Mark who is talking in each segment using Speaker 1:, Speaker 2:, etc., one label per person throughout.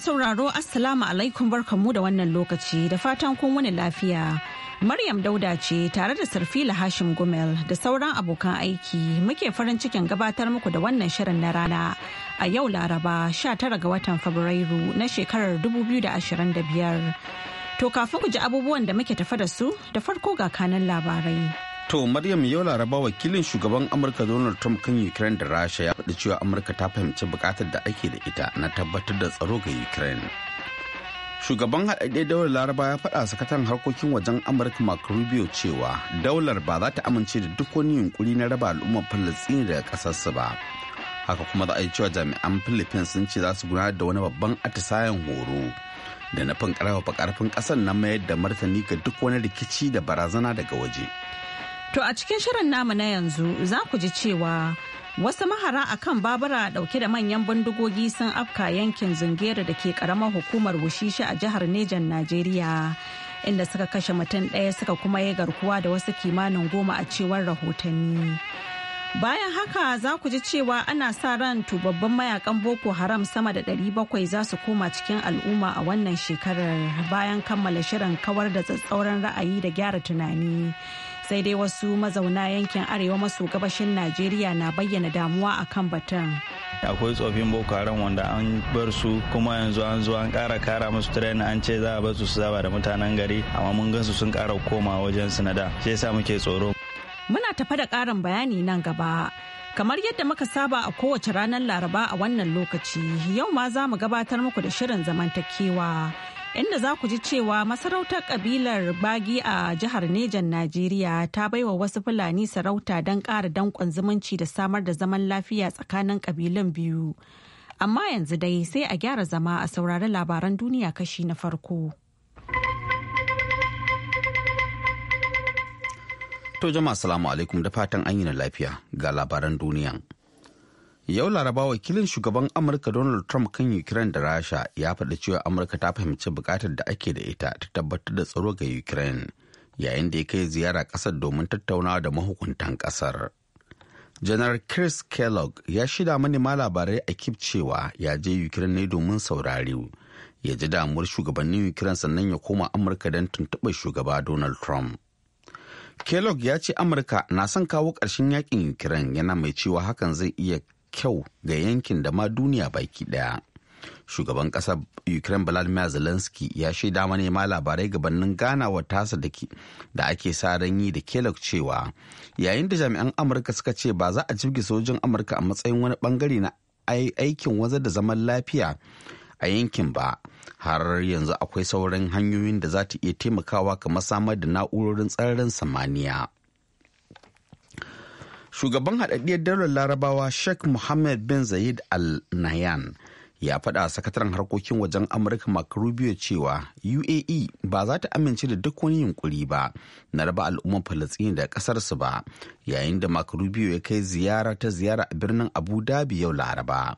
Speaker 1: sauraro Assalamu alaikum barkamu da wannan lokaci da fatan kun wani lafiya. Maryam Dauda ce tare da Sarfila Hashim Gumel da sauran abokan aiki muke farin cikin gabatar muku da wannan shirin na rana a yau Laraba 19 ga watan Fabrairu na shekarar 2025. To kafin ku ji abubuwan da muke tafa da su da farko ga kanan labarai.
Speaker 2: To Maryam yau laraba wakilin shugaban Amurka Donald Trump kan Ukraine da Rasha ya faɗi cewa Amurka ta fahimci bukatar da ake da ita na tabbatar da tsaro ga Ukraine. Shugaban haɗaɗɗe daular laraba ya faɗa sakataren harkokin wajen Amurka Mark Rubio cewa daular ba za ta amince da duk wani yunkuri na raba al'ummar Falastini daga ƙasarsu ba. Haka kuma za a yi cewa jami'an Philippines sun ce za su gudanar da wani babban atisayen horo da na fin ƙarfafa ƙarfin ƙasar na mayar da martani ga duk wani rikici da barazana daga waje.
Speaker 1: To a cikin shirin namu na yanzu za ku ji cewa wasu mahara a kan babura dauke da manyan bindigogi sun afka yankin zungera da ke karamar hukumar wushishi a jihar Nejan Najeriya inda suka kashe mutum ɗaya suka kuma yi garkuwa da wasu kimanin goma a cewar rahotanni. Bayan haka za ku ji cewa ana sa ran tubabban mayakan Boko Haram sama da 700 za su koma cikin al'umma a wannan shekarar bayan kammala shirin kawar da tsatsauran ra'ayi da gyara tunani sai dai wasu mazauna yankin arewa maso gabashin najeriya na bayyana damuwa akan batun
Speaker 3: akwai tsofin boko haram wanda an bar su kuma yanzu an zo an kara kara musu tren an ce za a bar su su zaba da mutanen gari amma mun su sun kara koma wajen su na sinada shi yasa muke tsoro
Speaker 1: muna tafa da karin bayani nan gaba Kamar yadda muka saba a kowace ranar Laraba a wannan lokaci, yau ma za mu gabatar muku da shirin zamantakewa. inda za ku ji cewa masarautar kabilar bagi a jihar Nejan Najeriya ta baiwa wasu Fulani sarauta don ƙara danƙon zumunci da samar da zaman lafiya tsakanin kabilun biyu. Amma yanzu dai sai a gyara zama a saurari labaran duniya kashi na farko.
Speaker 2: To jama'a salamu alaikum da fatan an yi na lafiya ga labaran duniya. yau laraba wakilin shugaban amurka donald trump kan ukraine da rasha ya faɗi cewa amurka ta fahimci buƙatar da ake da ita ta tabbatar da tsaro ga ukraine yayin da ya kai ziyara ƙasar domin tattaunawa da mahukuntan ƙasar Janaral chris kellogg ya shida manema labarai a kif cewa ya je ukraine ne domin saurari ya ji damuwar shugabannin ukraine sannan ya koma amurka don tuntuɓar shugaba donald trump Kellogg ya ce Amurka na son kawo ƙarshen yakin Ukraine yana mai cewa hakan zai iya kyau ga yankin da ma duniya baki daya shugaban ƙasar ukraine vladimir zelensky ya shaida manema labarai gabanin wa tasa da da ake sa ran yi da kelok cewa yayin da jami'an amurka suka ce ba za a jirgi sojin amurka a matsayin wani bangare na aikin wazar da zaman lafiya a yankin ba har yanzu akwai sauran hanyoyin da za ta iya taimakawa kamar samar da na'urorin tsararin samaniya. shugaban haɗaɗɗiyar daular larabawa sheikh mohammed bin zayed al nayan ya faɗa sakataren harkokin wajen amurka mark rubio cewa uae ba za ta amince da duk wani yunkuri ba na raba al'ummar falastini da ƙasarsu ba yayin da mark rubio ya kai ziyara ta ziyara a birnin abu dhabi yau laraba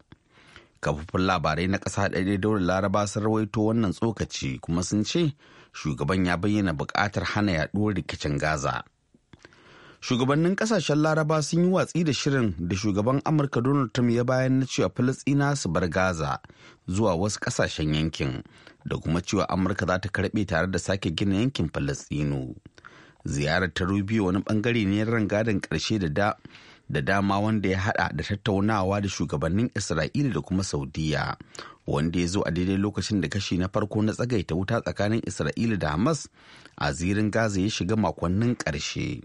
Speaker 2: kafofin labarai na ƙasa ɗaiɗai daular laraba sun rawaito wannan tsokaci kuma sun ce shugaban ya bayyana buƙatar hana yaɗuwar rikicin gaza shugabannin kasashen laraba sun yi watsi da shirin da shugaban amurka donald trump ya bayan na cewa falastina su bar gaza zuwa wasu kasashen yankin da kuma cewa amurka za ta karbe tare da sake gina yankin falastinu ziyarar ta rubio wani bangare ne ran gadon karshe da da da dama wanda ya hada da tattaunawa da shugabannin isra'ila da kuma saudiya wanda ya zo a daidai lokacin da kashi na farko na tsagaita wuta tsakanin isra'ila da hamas a zirin gaza ya shiga makonnin karshe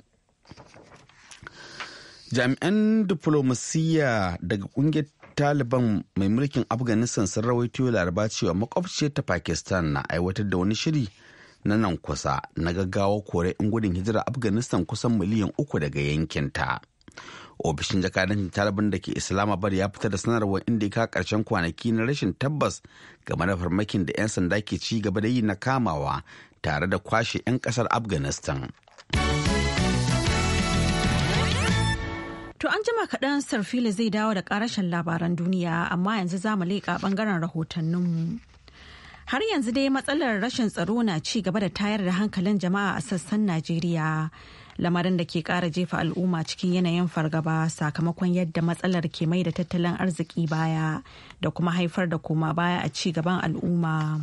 Speaker 2: jami'an diflomasiyya daga kungiyar taliban mai mulkin afghanistan sun rawaito laraba cewa makwabciyar ta pakistan na aiwatar da wani shiri na nan kusa na gaggawa kore in gudun hijira afghanistan kusan miliyan uku daga yankinta ofishin jakadancin taliban da ke islamabad ya fitar da sanarwar inda ya kawo karshen kwanaki na rashin tabbas game da farmakin da 'yan sanda ke ci gaba da yi na kamawa tare da kwashe 'yan kasar afghanistan
Speaker 1: To an jima kaɗan sarfili zai dawo da ƙarashin labaran duniya amma yanzu za mu leƙa ɓangaren rahotanninmu. Har yanzu dai matsalar rashin tsaro na ci gaba da tayar da hankalin jama'a a sassan Najeriya. Lamarin da ke ƙara jefa al'umma cikin yanayin fargaba sakamakon yadda matsalar ke mai da tattalin arziki baya da kuma haifar da koma baya a ci gaban al'umma.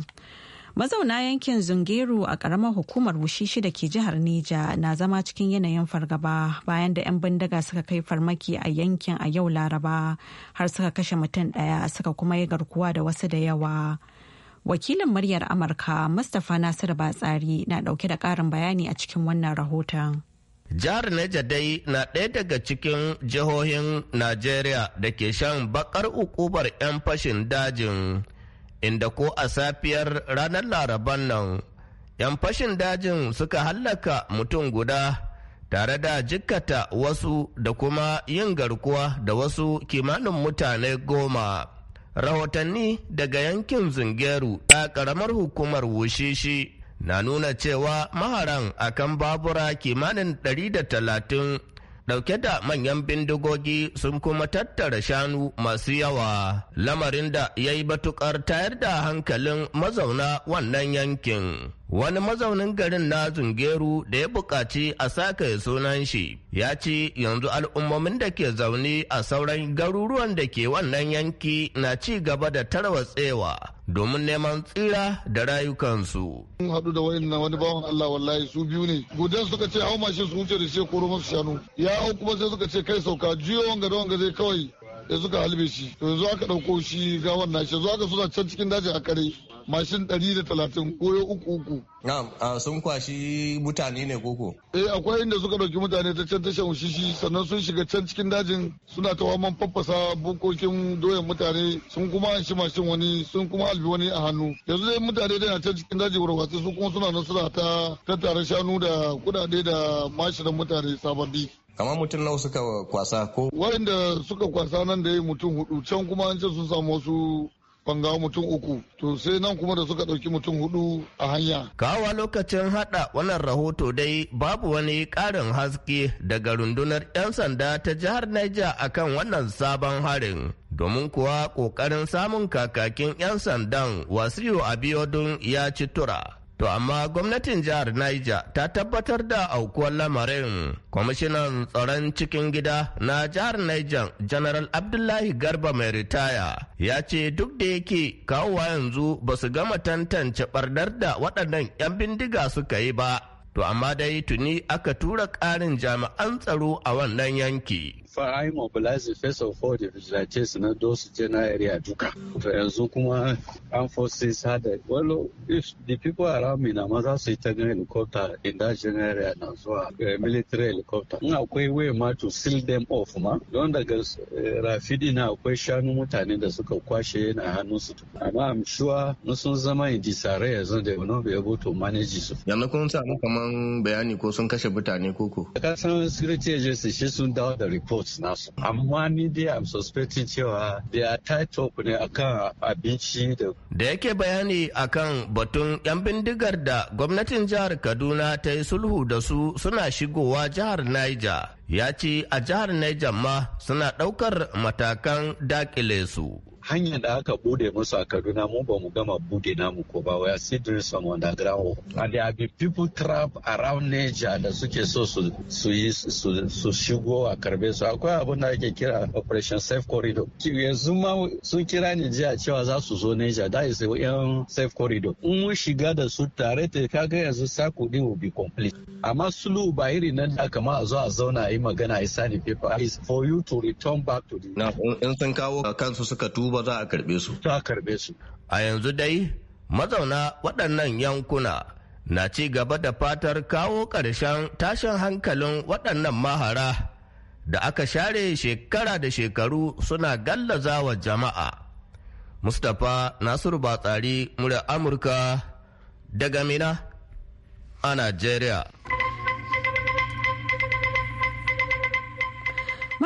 Speaker 1: mazauna yankin zungeru a karamar hukumar wushishi da ke jihar neja na zama cikin yanayin fargaba bayan da 'yan bindiga suka kai farmaki a yankin a yau laraba har suka kashe mutum daya suka kuma yi garkuwa da wasu da yawa wakilin muryar amurka mustapha nasir batsari na dauke da karin bayani a cikin wannan rahoton
Speaker 3: Jihar Neja dai na ɗaya daga cikin jihohin Najeriya da ke shan bakar ukubar 'yan fashin dajin inda ko a safiyar ranar laraban nan 'yan fashin dajin suka hallaka mutum guda tare da jikkata wasu da kuma yin garkuwa da wasu kimanin mutane goma rahotanni daga yankin zungeru ta karamar hukumar wushishi na nuna cewa maharan akan babura kimanin 130 dauke da manyan bindigogi sun kuma tattara shanu masu yawa lamarin da ya yi batukar tayar da hankalin mazauna wannan yankin. Wani mazaunin garin na Zungeru da ya buƙaci a sake sunan shi ya ce yanzu al'ummomin da ke zaune a sauran garuruwan da ke wannan yanki na ci gaba da tarwatsewa domin neman tsira da rayukansu.
Speaker 4: Mun haɗu da wani na wani bawan Allah wallahi su biyu ne. Gudan suka ce hau mashin su wuce da shi koro masu shanu. Ya hau kuma sai suka ce kai sauka jiyo wanga da wanga zai kawai da suka halbe shi to yanzu aka ɗauko shi wannan shi yanzu aka suna can cikin dajin a kare mashin 130 goyo uku uku.
Speaker 3: na sun kwashi mutane ne
Speaker 4: koko. Eh akwai inda suka dauki mutane ta can tashan shishi sannan sun shiga can cikin dajin suna ta waman faffasa bukokin doyan mutane sun kuma an shi mashin wani sun kuma albi wani a hannu. Yanzu dai mutane da can cikin dajin warwatsu su kuma suna nan suna ta tattara shanu da kudade da mashinan mutane sababbi. kamar mutum nawa suka kwasa ko wanda suka kwasa nan da yi mutum hudu can kuma an ce sun samu wasu banga mutum uku to sai nan kuma da suka ɗauki mutum hudu
Speaker 3: a hanya. kawa lokacin hada wannan rahoto dai babu wani karin haske daga rundunar 'yan sanda ta jihar Niger akan wannan sabon harin. domin kuwa kokarin samun kakakin 'yan sandan wasiyo abiodun ya ci tura To amma gwamnatin jihar Niger ta tabbatar da aukuwar lamarin. Kwamishinan tsaron cikin gida na jihar Niger, General Abdullahi Garba mai ritaya, ya ce duk da yake kawowa yanzu ba su gama tantance ɓarnar da waɗannan 'yan bindiga suka yi ba. To amma dai tuni aka tura ƙarin jami'an tsaro a wannan yanki.
Speaker 4: fara mobilizing first of all the vigilantes na those general area duka to yanzu kuma armed forces hada well if the people around me na maza za su yi ta helicopter in that general area na zuwa eh, military helicopter in akwai way ma to seal them off ma don daga eh, rafidi na akwai shanu mutane da suka kwashe na hannun su amma i'm sure sun zama in disarray yanzu da will not be able to manage su yanzu kun samu kaman bayani ko sun kashe mutane koko kasan security agency shi sun dawo da report nasu amma ni dai am suspecting cewa da tied up ne akan abinci da da yake bayani akan batun yan
Speaker 3: bindigar da gwamnatin jihar Kaduna ta yi sulhu da su suna shigowa jihar Niger ya ce a jihar Niger ma suna ɗaukar matakan dakile
Speaker 4: su hanyar da aka bude musu a Kaduna mu ba mu gama bude namu ko ba we are still doing some underground and there be people trap around Niger da suke so su su yi su shigo a karbe su akwai abin da ake kira operation safe corridor yanzu ma sun kira ni jiya cewa za su zo Niger da is yan safe corridor in mun shiga da su tare ta kaga yanzu sako din will be complete amma sulu ba iri nan da kama a zo a zauna a yi magana a yi sani paper is for you to return back to the na in sun kawo kansu
Speaker 3: suka tuba ba za a karbe su za a karbe su a yanzu dai mazauna waɗannan yankuna na ci gaba da fatar kawo ƙarshen tashin hankalin waɗannan mahara da aka share shekara da shekaru suna gallaza wa jama'a. Mustapha Nasiru Batsari murya Amurka
Speaker 1: daga Mina a Najeriya.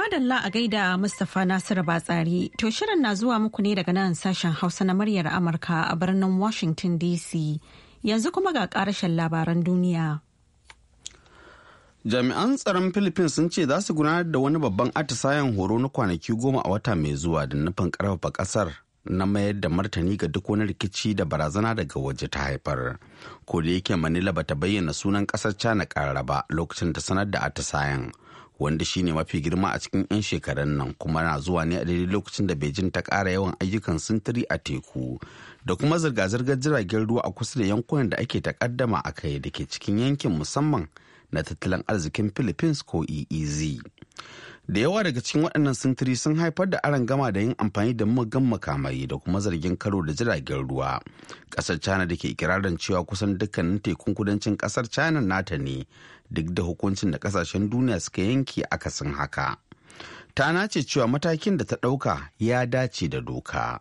Speaker 1: madalla a gaida Mustapha Nasiru Batsari. To shirin na zuwa muku ne daga nan sashen Hausa na muryar Amurka a birnin Washington DC. Yanzu kuma ga karashen labaran duniya.
Speaker 2: Jami'an tsaron Philippines sun ce za su gudanar da wani babban atisayen horo na kwanaki goma a wata mai zuwa da nufin karfafa kasar na mayar da martani ga duk wani rikici da barazana daga waje ta haifar. Ko da yake Manila bata bayyana sunan kasar China kara ba lokacin da sanar da atisayen. wanda shine mafi girma a cikin 'yan shekaran nan kuma na zuwa ne a daidai lokacin da beijing ta ƙara yawan ayyukan sintiri a teku da kuma zirga-zirgar jiragen ruwa a kusa da yankunan da ake takaddama a kai da ke cikin yankin musamman na tattalin arzikin philippines ko eez da yawa daga cikin waɗannan sintiri sun haifar da aron gama da yin amfani da magan makamai da kuma zargin karo da jiragen ruwa ƙasar china da ke ikirarin cewa kusan dukkanin tekun kudancin ƙasar china nata ne duk da hukuncin da kasashen duniya suka yanke akasin haka ta nace cewa matakin da ta ɗauka ya dace da doka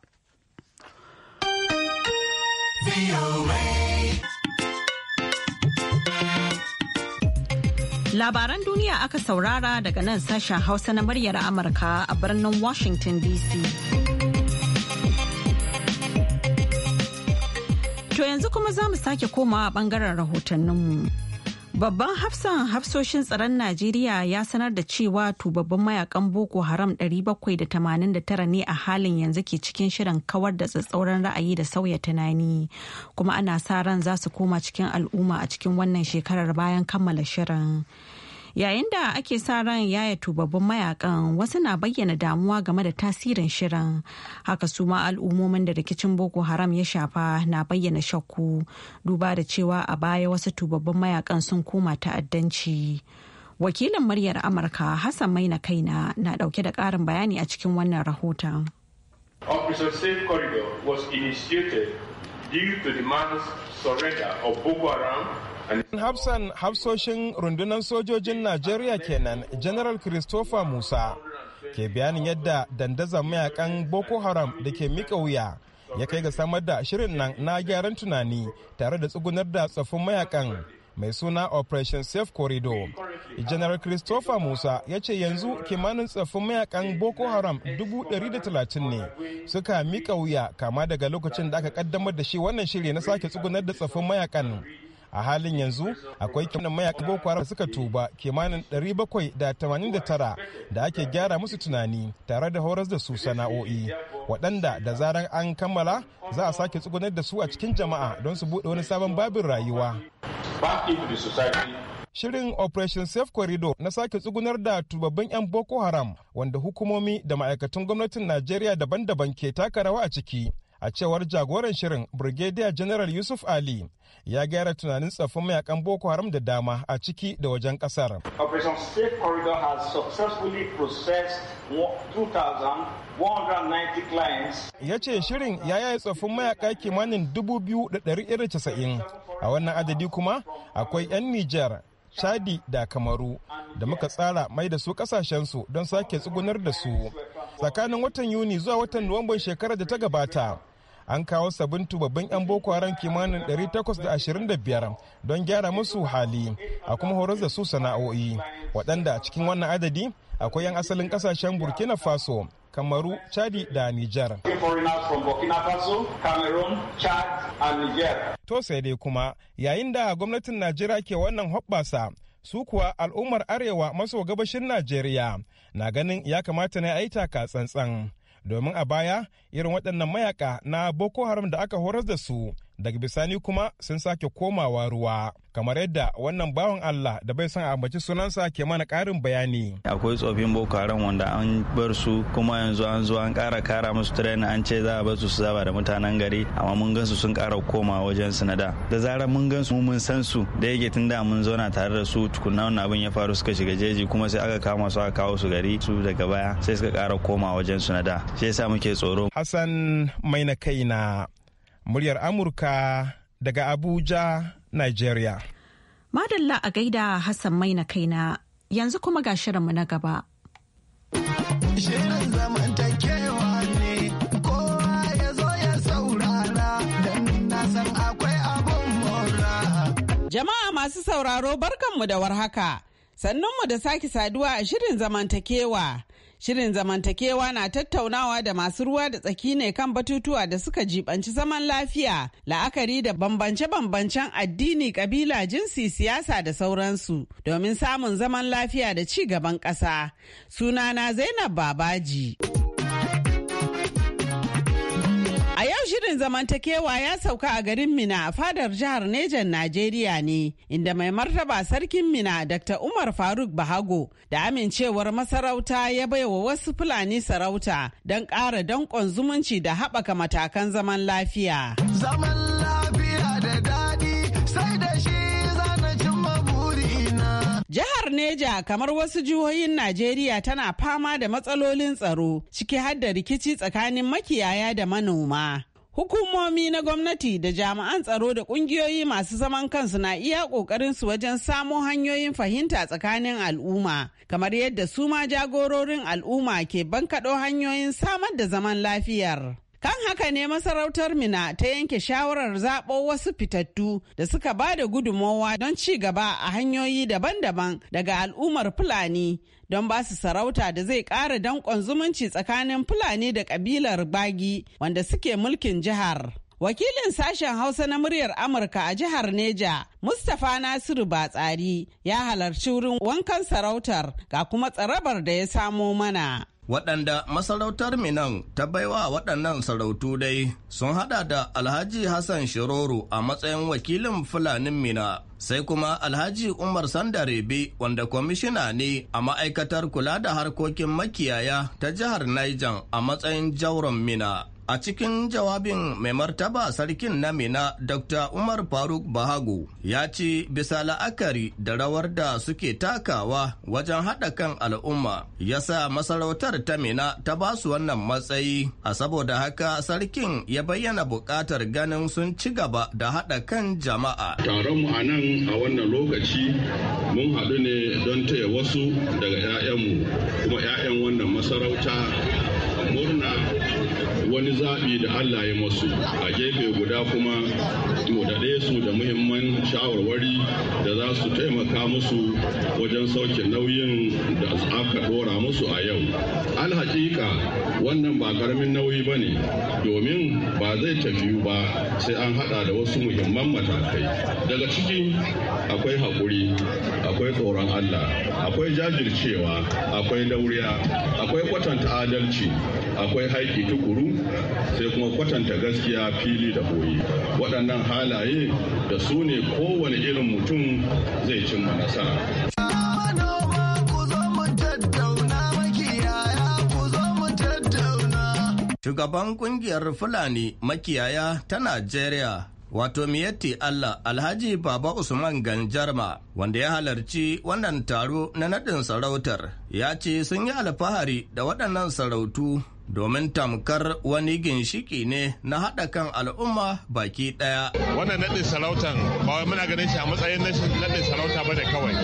Speaker 1: labaran duniya aka saurara daga nan sashen hausa na muryar amurka a birnin washington dc To yanzu kuma za mu sake komawa bangaren rahotanninmu. Babban hafsan hafsoshin tsaron Najeriya ya sanar da cewa tubabban mayakan Boko Haram 789 ne a halin yanzu ke cikin shirin kawar da tsatsauran ra'ayi da sauya tunani, kuma ana sa ran za su koma cikin al'umma a cikin wannan shekarar bayan kammala shirin. yayin da ake sa ran yaya tubabbin mayakan wasu na bayyana damuwa game da tasirin shirin haka su ma al'ummomin da rikicin boko haram ya shafa na bayyana shakku duba da cewa a baya wasu tubabbin mayakan sun koma ta'addanci wakilin muryar amurka hassan maina kaina na dauke da karin bayani a cikin wannan rahoton
Speaker 5: due to the mass surrender of Boko Haram
Speaker 6: Hafsan hafsoshin rundunar sojojin Najeriya kenan General Christopher Musa ke bayanin yadda dandazan mayakan Boko Haram da ke mika wuya ya kai ga samar da shirin nan na gyaran tunani tare da tsugunar da tsoffin mayakan mai suna Operation Safe Corridor. General Christopher Musa ya ce yanzu kimanin tsaffin mayakan Boko Haram 130 ne suka miƙa wuya kama daga lokacin da aka kaddamar da shi wannan shiri na sake tsugunar da tsaffin mayakan. a halin yanzu akwai kimanin mayaka boko haram suka tuba kimanin 789 da ake gyara musu tunani tare da horas da su sana'o'i waɗanda da zaran an kammala za a sake tsugunar da su a cikin jama'a don su buɗe wani sabon babin rayuwa shirin operation safe corridor na sake tsugunar da tubabbin 'yan boko haram wanda hukumomi da ma'aikatan gwamnatin najeriya daban-daban ke taka rawa a ciki a cewar jagoran shirin brigadier general yusuf ali ya gyara tunanin tsaffin mayakan boko haram da dama a ciki da wajen kasar operation state corridor has successfully processed 2,190 clients ya ce shirin ya yi tsaffin mayaka kimanin 2,190 a wannan adadi kuma akwai 'yan nijar chadi da kamaru da muka tsara mai da su kasashensu don sake tsugunar da su tsakanin watan yuni zuwa watan nuwamban shekarar da ta gabata an kawo sabbin babban 'yan boko haram kimanin 825 don gyara musu hali a kuma horar da su sana'o'i waɗanda a cikin wannan adadi akwai 'yan asalin ƙasashen burkina faso kamaru chadi da niger to sai dai kuma yayin da gwamnatin najeriya ke wannan hoɓɓasa su kuwa al'ummar arewa maso gabashin najeriya na ganin ya kamata na a yi taka tsantsan domin a baya irin waɗannan mayaka na boko haram da aka horar da su daga bisani kuma sun sake komawa ruwa kamar yadda wannan bawan Allah da bai san ambaci sunansa ke mana karin bayani
Speaker 3: akwai tsofin boko haram wanda an bar su kuma yanzu an zo an kara kara musu treni an ce za a bar su su zaba da mutanen gari amma mun gan su sun kara koma wajen su da da zarar mun gan su mun san su da yake tunda da mun zauna tare da su tukunna wannan abin ya faru suka shiga jeji kuma sai aka kama su aka kawo su gari su daga baya sai suka kara koma wajen su na da shi yasa muke tsoro
Speaker 6: Hassan mai na kaina muryar Amurka daga Abuja, Nigeria.
Speaker 1: Madalla a gaida Hassan mai na kaina yanzu kuma ga mu na gaba.
Speaker 7: Shirin
Speaker 8: Jama'a masu sauraro barkanmu da warhaka. Sannunmu da sake saduwa a shirin zamantakewa. Shirin zamantakewa na tattaunawa da masu ruwa da tsaki ne kan batutuwa da suka jibanci zaman lafiya, la'akari da bambance-bambancen addini, kabila, jinsi, siyasa da sauransu domin samun zaman lafiya da ci gaban ƙasa. Sunana Zainab Babaji. A yau shirin zamantakewa ya sauka a garin Mina a fadar jihar Nejan Najeriya ne, inda mai martaba sarkin Mina Dr. Umar Faruk Bahago da amincewar masarauta ya baiwa wasu Fulani sarauta don ƙara danƙon zumunci da haɓaka matakan Zaman lafiya. Jihar Neja kamar wasu jihohin Najeriya tana fama da matsalolin tsaro ciki har da rikici tsakanin makiyaya da manoma. Hukumomi na gwamnati da jami'an tsaro da kungiyoyi masu zaman kansu na iya su wajen samo hanyoyin fahimta tsakanin al'umma, kamar yadda su ma jagororin al'umma ke bankaɗo hanyoyin samar da zaman lafiyar. Kan haka ne masarautar Mina ta yanke shawarar zaɓo wasu fitattu da suka ba da gudummawa don ci gaba a hanyoyi daban-daban daga al'ummar Fulani don ba su sarauta da zai ƙara danƙon zumunci tsakanin Fulani da ƙabilar Bagi wanda suke mulkin jihar. Wakilin sashen Hausa na muryar Amurka a jihar Neja, Mustapha Nasiru Batsari, ya halarci wurin wankan sarautar ga kuma tsarabar da ya samo mana.
Speaker 3: waɗanda masarautar Minan ta baiwa waɗannan sarautu dai sun haɗa da Alhaji Hassan Shiroru a matsayin wakilin Fulanin Mina, sai kuma Alhaji Umar Sandarebe wanda kwamishina ne a ma'aikatar kula da harkokin makiyaya ta jihar Niger a matsayin jauron Mina. A cikin jawabin mai martaba sarkin na Mina Dr. Umar Faruk Bahago ya ce bisa la'akari da rawar da suke takawa wajen haɗa kan al'umma ya sa masarautar ta Mina ta ba su wannan matsayi. A saboda haka sarkin ya bayyana buƙatar ganin sun ci gaba da haɗa kan jama'a.
Speaker 9: Taronmu a nan a wannan lokaci mun haɗu ne don taya wasu daga 'ya'yanmu kuma 'ya'yan wannan masarauta wani zaɓi da Allah ya masu a gefe guda kuma to su da muhimman shawarwari da za su taimaka musu wajen sauke nauyin da aka dora musu a yau alhaƙiƙa wannan ba karamin nauyi ba ne domin ba zai tafiyu ba sai an haɗa da wasu muhimman matakai daga ciki akwai haƙuri akwai tsoron allah akwai jajircewa akwai dauriya akwai kwatanta adalci akwai haiki tukuru sai kuma kwatanta gaskiya fili da boye waɗannan halaye da su ne kowane irin mutum zai cimma nasara
Speaker 3: Shugaban kungiyar Fulani makiyaya ta Najeriya wato Miyetti Allah Alhaji Baba Usman Ganjarma wanda ya halarci wannan taro na naɗin sarautar ya ce sun yi alfahari da waɗannan sarautu domin tamkar wani ginshiki ne na haɗa kan al'umma baki ɗaya. Wannan naɗin sarautan
Speaker 5: ba muna ganin shi a matsayin naɗin sarauta ba da kawai.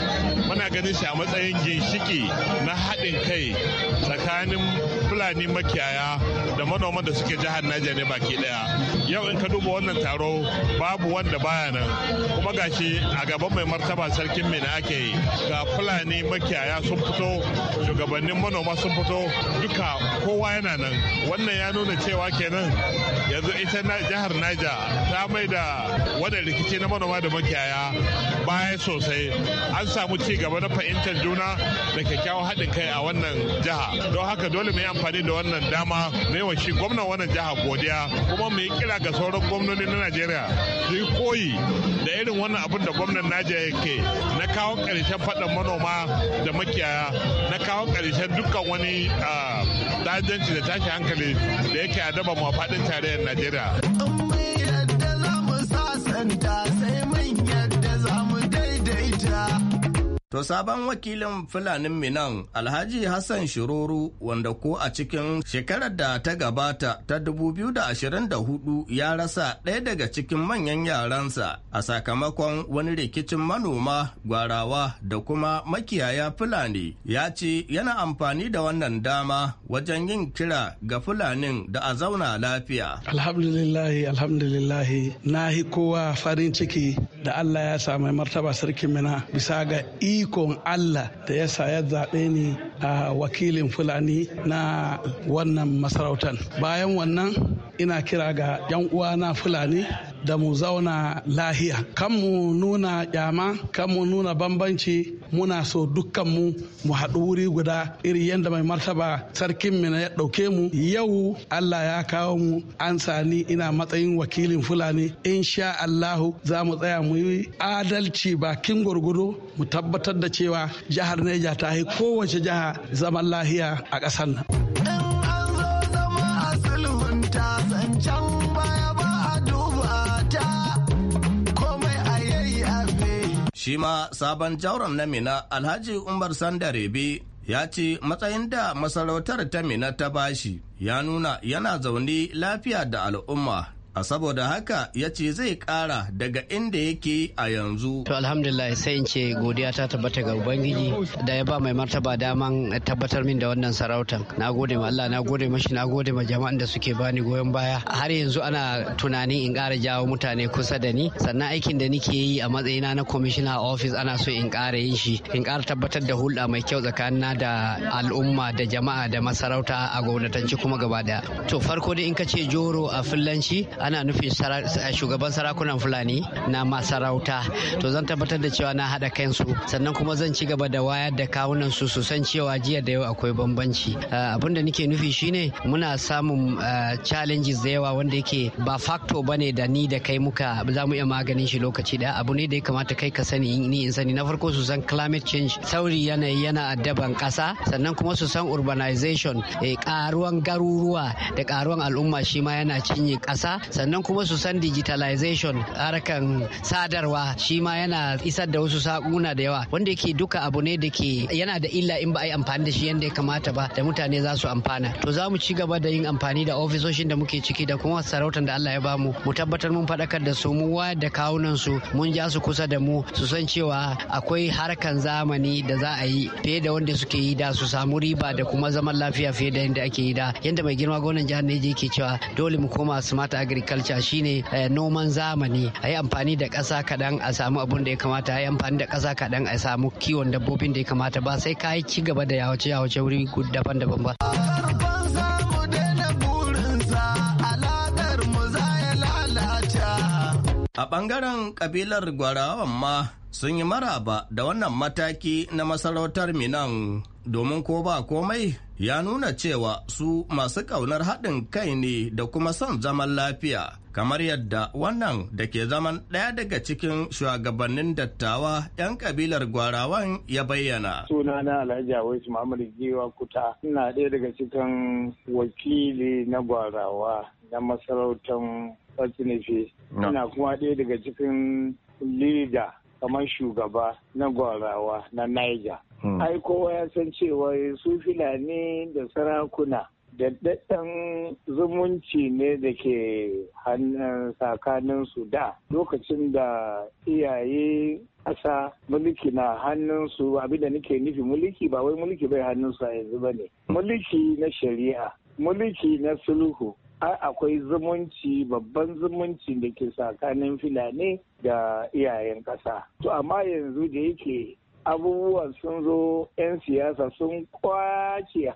Speaker 5: Muna ganin shi a matsayin ginshiki na haɗin kai tsakanin fulani makiyaya da manoman da suke jihar Niger ne baki daya yau in ka duba wannan taro babu wanda baya nan kuma gashi a gaban mai martaba sarkin mai na ake yi ga fulani makiyaya sun fito shugabannin manoma sun fito duka kowa yana nan wannan ya nuna cewa kenan yanzu ita jihar Niger ta mai da wannan rikici na manoma da makiyaya baya sosai an samu ci gaba na fahimtar juna da kyakkyawan haɗin kai a wannan jiha don haka dole mu yi amfani da wannan dama na yawan shi gwamnan wannan jiha godiya kuma mu kira ga sauran gwamnoni na najeriya su yi koyi da irin wannan abin da gwamnan najeriya yake na kawo ƙarshen faɗin manoma da makiyaya na kawo ƙarshen dukkan wani dajanci da tashi hankali da yake adaba mafaɗin faɗin tarayyar najeriya.
Speaker 3: To sabon wakilin Fulanin Minan Alhaji Hassan Shiroro wanda ko a cikin shekarar da ta gabata ta 2024 ya rasa ɗaya daga cikin manyan yaransa a sakamakon wani rikicin manoma gwarawa da kuma makiyaya Fulani ya ce yana amfani da wannan dama wajen yin kira ga Fulanin da a zauna lafiya.
Speaker 6: Alhamdulillahi alhamdulillahi na kowa farin ciki da Allah ya sa mai martaba sarkin mina bisa ga ikon Allah da ya sa ya zaɓe ni a wakilin Fulani na wannan masarautan Bayan wannan ina kira ga 'yan uwa na Fulani da mu zauna lahiya kan mu nuna kyama kan mu nuna bambanci muna so dukkan mu mu haɗu wuri guda iri yadda mai martaba sarkin mina ya ɗauke mu yau Allah ya kawo mu an sani ina matsayin wakilin fulani insha Allahu za mu tsaya mu yi adalci bakin gurgudu mu tabbatar da cewa jihar Neja ta yi kowace jiha zaman lahiya a ƙasar nan. In
Speaker 7: zama a
Speaker 3: zancen shi ma sabon jauron na mina alhaji umar sandarebe ya ce matsayin da masarautar ta mina ta bashi ya nuna yana zaune lafiya da al'umma a saboda haka ya ce zai kara daga inda yake
Speaker 10: a yanzu. To alhamdulillah sai in ce godiya ta tabbata ga Ubangiji da ya ba mai martaba daman tabbatar min da wannan sarautan. Na gode ma Allah, na gode mashi, na gode ma jama'an da suke bani goyon baya. Har yanzu ana tunanin in kara jawo mutane kusa da ni. Sannan aikin da nike yi a matsayina na commissioner office ana so in kara yin shi. In kara tabbatar da hulɗa mai kyau tsakanina da al'umma da jama'a da masarauta a gwamnatanci kuma gaba daya. To farko dai in ka ce joro a fillanci ana nufin eh, shugaban sarakunan fulani na masarauta to zan tabbatar da cewa na haɗa kansu sannan kuma zan ci gaba da wayar da kawunan su su san cewa jiya da yau akwai bambanci eh, abin da nake nufi shine muna samun eh, challenges da yawa wanda yake ba facto bane da ni da kai muka za mu iya maganin shi lokaci daya abu ne da ya kamata kai ka sani ni in sani na farko su san climate change sauri yanayi yana addaban kasa sannan kuma su san urbanization karuwan garuruwa da karuwan al'umma shi ma yana cinye ƙasa sannan kuma su san digitalization harkan sadarwa shi ma yana isar da wasu sakuna da yawa wanda yake duka abu ne da ke yana da illa in ba a yi amfani da shi yadda ya kamata ba da mutane za su amfana to za mu ci gaba da yin amfani da ofisoshin da muke ciki da kuma sarautar da Allah ya bamu mu tabbatar mun faɗakar da su mu wayar da kawunan su mun ja su kusa da mu su san cewa akwai harkan zamani da za a yi fiye da wanda suke yi da su samu riba da kuma zaman lafiya fiye da yadda ake yi da yadda mai girma gonan jihar Neja yake cewa dole mu koma smart agri agriculture shine eh, noman zamani a yi amfani da kasa kadan a samu abun da ya kamata a yi amfani da kasa kadan a samu kiwon dabbobin da ya kamata ba sai ka yi ci gaba da yawace yawace wuri daban-daban ba. A ɓangaren
Speaker 3: ƙabilar Gwarawan ma sun yi maraba da wannan mataki na masarautar Minan domin ko ba komai ya nuna cewa su masu ƙaunar haɗin kai ne da kuma son zaman lafiya kamar yadda wannan da ke zaman ɗaya daga cikin shugabannin dattawa 'yan kabilar gwarawan ya bayyana.
Speaker 11: suna na Alhaji Awaisu Muhammad Giwa Kuta, ina ɗaya daga cikin wakili na gwarawa na masarautan Fatsinife. Ina kuma ɗaya daga cikin lida kamar shugaba na gwarawa na Niger. Mm. ai kowa ya san cewa su filani da sarakuna daɗaɗɗen zumunci ne da ke hannun tsakanin su da lokacin da iyaye ƙasa mulki na hannunsu abinda nake nufi mulki ba wai mulki bai hannunsu a yanzu ba ne mm. mulki na shari'a mulki na sulhu akwai zumunci babban zumunci da ke tsakanin filani da iyayen ƙasa to amma yanzu da yake abubuwan sun zo 'yan siyasa sun kwace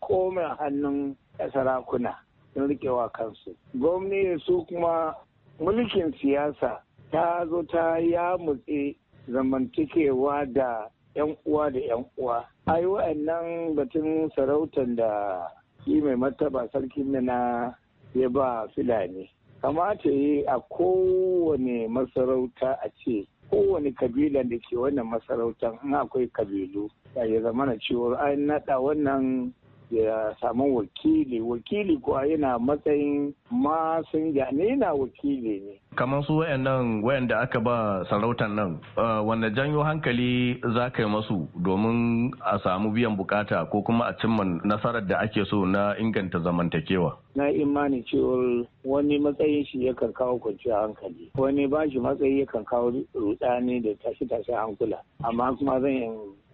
Speaker 11: komen hannun sarakuna sun rikewa kansu gwamnati su kuma mulkin siyasa ta zo ta ya mutse zamantakewa da 'yan uwa da 'yan uwa ai wa'annan batun sarautar da shi mai martaba sarkin na ya ba fulani kamata yi a kowane masarauta a ce kowane kabila da ke wannan masarautar in akwai kabilu ya zama na cewa an naɗa wannan ya samu wakili wakili kuwa yana matsayin masinja ne yana wakili ne
Speaker 3: kamar su wayannan wayanda aka ba
Speaker 11: sarautar nan
Speaker 3: eh, wanda janyo hankali za ka yi masu domin a samu biyan bukata ko kuma a cimma nasarar da ake so na inganta zamantakewa
Speaker 11: na imani cewar wani matsayin shi yakan kawo kwanciyar hankali wani ba shi matsayi yakan kawo rudani da tashi-tashi hankula amma kuma zan yi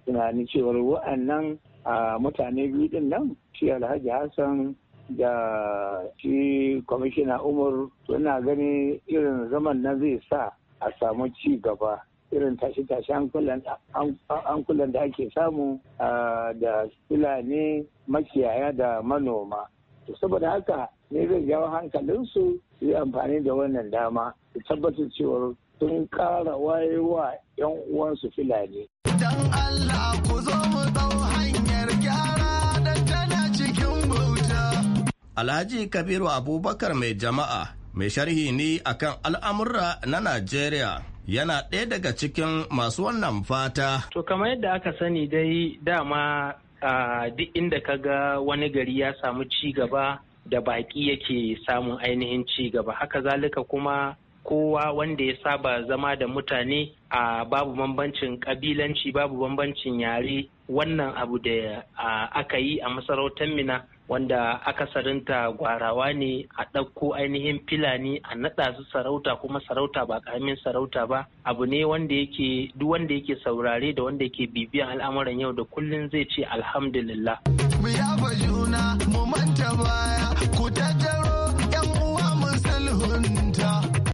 Speaker 11: tunani cewar wa'annan ah, mutane biyu din nan shi alhaji hassan da shi kwamishina umar suna gani irin zaman nan zai sa a samu ci gaba irin tashe-tashe ankulan da ake samu da fulani makiyaya da manoma saboda haka ne zai jawo hankalinsu su yi amfani da wannan dama su tabbatar cewar sun kara wayewa 'yan uwansu fulani.
Speaker 7: Dan Allah ku zo
Speaker 3: Alhaji Kabiru Abubakar mai jama'a mai sharhi ne akan al'amura na Najeriya. Yana ɗaya daga cikin masu wannan fata. To kamar yadda aka sani dai dama duk inda ka ga wani gari ya samu ci gaba da baƙi yake samun ainihin ci gaba. Haka zalika kuma kowa wanda ya saba zama da mutane a babu bambancin kabilanci babu bambancin yare wannan abu da aka yi a masarautar mina wanda akasarinta gwarawa ne a ɗauko ainihin filani a naɗa su sarauta kuma sarauta ba ƙaramin sarauta ba abu ne wanda yake duk wanda yake saurare da wanda yake bibiyan al'amuran yau da kullum zai ce alhamdulillah.
Speaker 7: Mu juna mu manta baya ku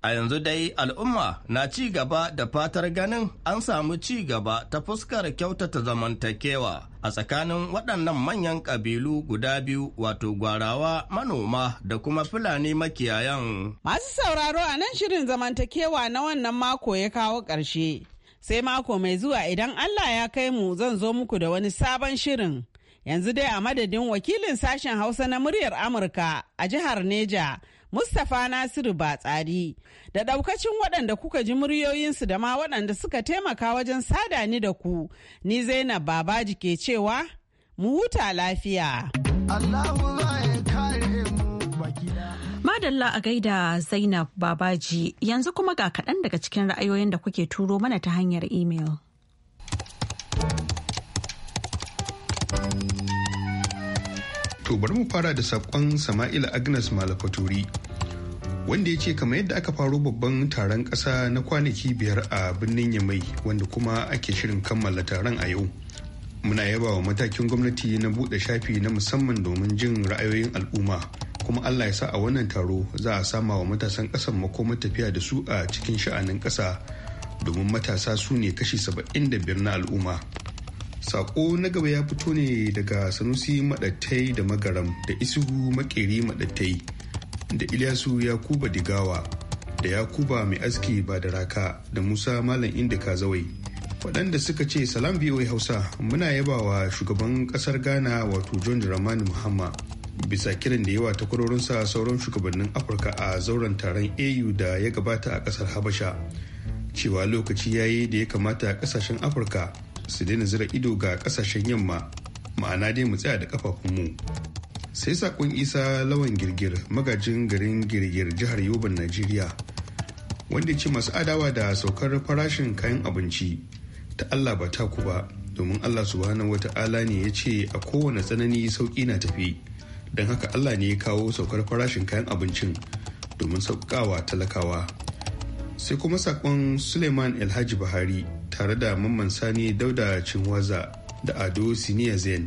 Speaker 3: A yanzu dai al'umma na ci gaba da fatar ganin an samu ci gaba ta fuskar kyautata zamantakewa a tsakanin waɗannan manyan ƙabilu guda biyu wato gwarawa manoma da kuma fulani makiyayan.
Speaker 8: Masu sauraro a nan shirin zamantakewa na wannan mako ya kawo ƙarshe. Sai mako mai zuwa idan Allah ya kai mu zan zo muku da wani sabon shirin. Yanzu dai a madadin wakilin sashen Hausa na muryar Amurka a jihar Neja. Mustapha Nasiru Batsari da ɗaukacin waɗanda kuka ji muryoyinsu da ma waɗanda suka taimaka wajen sada ni da ku, ni Zainab Babaji ke cewa,
Speaker 1: mu huta lafiya. Madalla a gaida Zainab Babaji yanzu kuma ga kaɗan daga cikin ra'ayoyin da kuke turo mana ta hanyar imel.
Speaker 9: To bari mu fara da saƙon Sama'ila Agnes Malafaturi. Wanda ya ce kamar yadda aka faro babban taron ƙasa na kwanaki biyar a birnin Yamai wanda kuma ake shirin kammala taron a yau. Muna yaba wa matakin gwamnati na buɗe shafi na musamman domin jin ra'ayoyin al'umma. Kuma Allah ya sa a wannan taro za a sama wa matasan ƙasar makoma tafiya da su a cikin sha'anin ƙasa domin matasa su ne kashi saba'in da biyar na al'umma. Sako na gaba ya fito ne daga Sanusi Maɗattai da Magaram da Isuhu maƙeri Maɗattai da Ilyasu Yakuba Digawa da Yakuba Mai Aski ba da raka da Musa Malam Inda Kazawai. Waɗanda suka ce salam biyoyi Hausa muna yabawa shugaban ƙasar Ghana wato John Dramani Muhammad bisa kiran da yawa ta kwarorinsa sauran shugabannin Afirka a zauren taron AU da ya gabata a ƙasar Habasha. Cewa lokaci yayi da ya kamata ƙasashen Afirka su daina zira ido ga kasashen yamma ma'ana dai mu tsaya da kafafunmu sai sakon isa lawan girgir magajin garin girgir jihar yoban najeriya wanda ce masu adawa da saukar farashin kayan abinci ta allah ba taku ba domin allah subhanahu wata'ala ne ya ce a kowane tsanani sauki na tafi don haka allah ne ya kawo saukar farashin kayan abincin domin sauƙawa talakawa sai kuma sakon suleiman alhaji buhari tare da mamman sani dauda cinwaza da ado siniya zain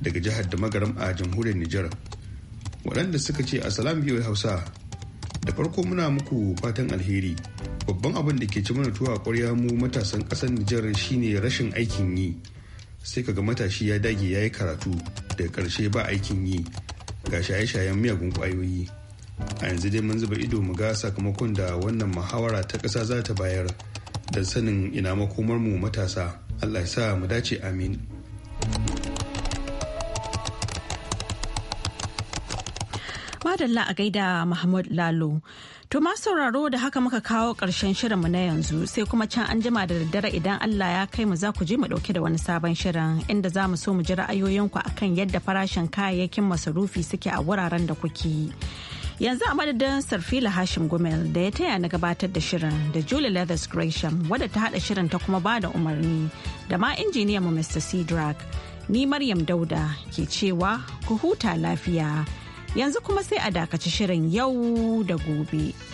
Speaker 9: daga jihar da magaram a jamhuriyar nijar waɗanda suka ce asalam biyu hausa da farko muna muku fatan alheri babban abin da ke ci mana tuwa ƙwarya mu matasan ƙasar nijar shine rashin aikin yi sai kaga matashi ya dage ya yi karatu da ƙarshe ba aikin yi ga shaye-shayen miyagun kwayoyi a yanzu dai mun zuba ido mu ga sakamakon da wannan muhawara ta ƙasa za ta bayar don sanin ina makomar mu matasa allah ya mu dace amin
Speaker 1: madalla a gaida Mahmud Lalo. To ma sauraro da haka muka kawo ƙarshen mu na yanzu sai kuma can an jima da daddare idan Allah ya kai mu za ku je mu ɗauke da wani sabon shirin inda za mu so mu ji ra'ayoyinku akan yadda farashin kayayyakin masarufi suke a wuraren da kuke. yi Yanzu a madadin Sarfila Hashim gomel da ya taya na gabatar da shirin da Julie Leathers Gresham wadda ta haɗa shirin ta kuma ba da umarni da ma injiniyan mu Mr. Cedric. Ni Maryam Dauda ke cewa ku huta lafiya. Yanzu kuma sai a dakaci shirin yau da gobe.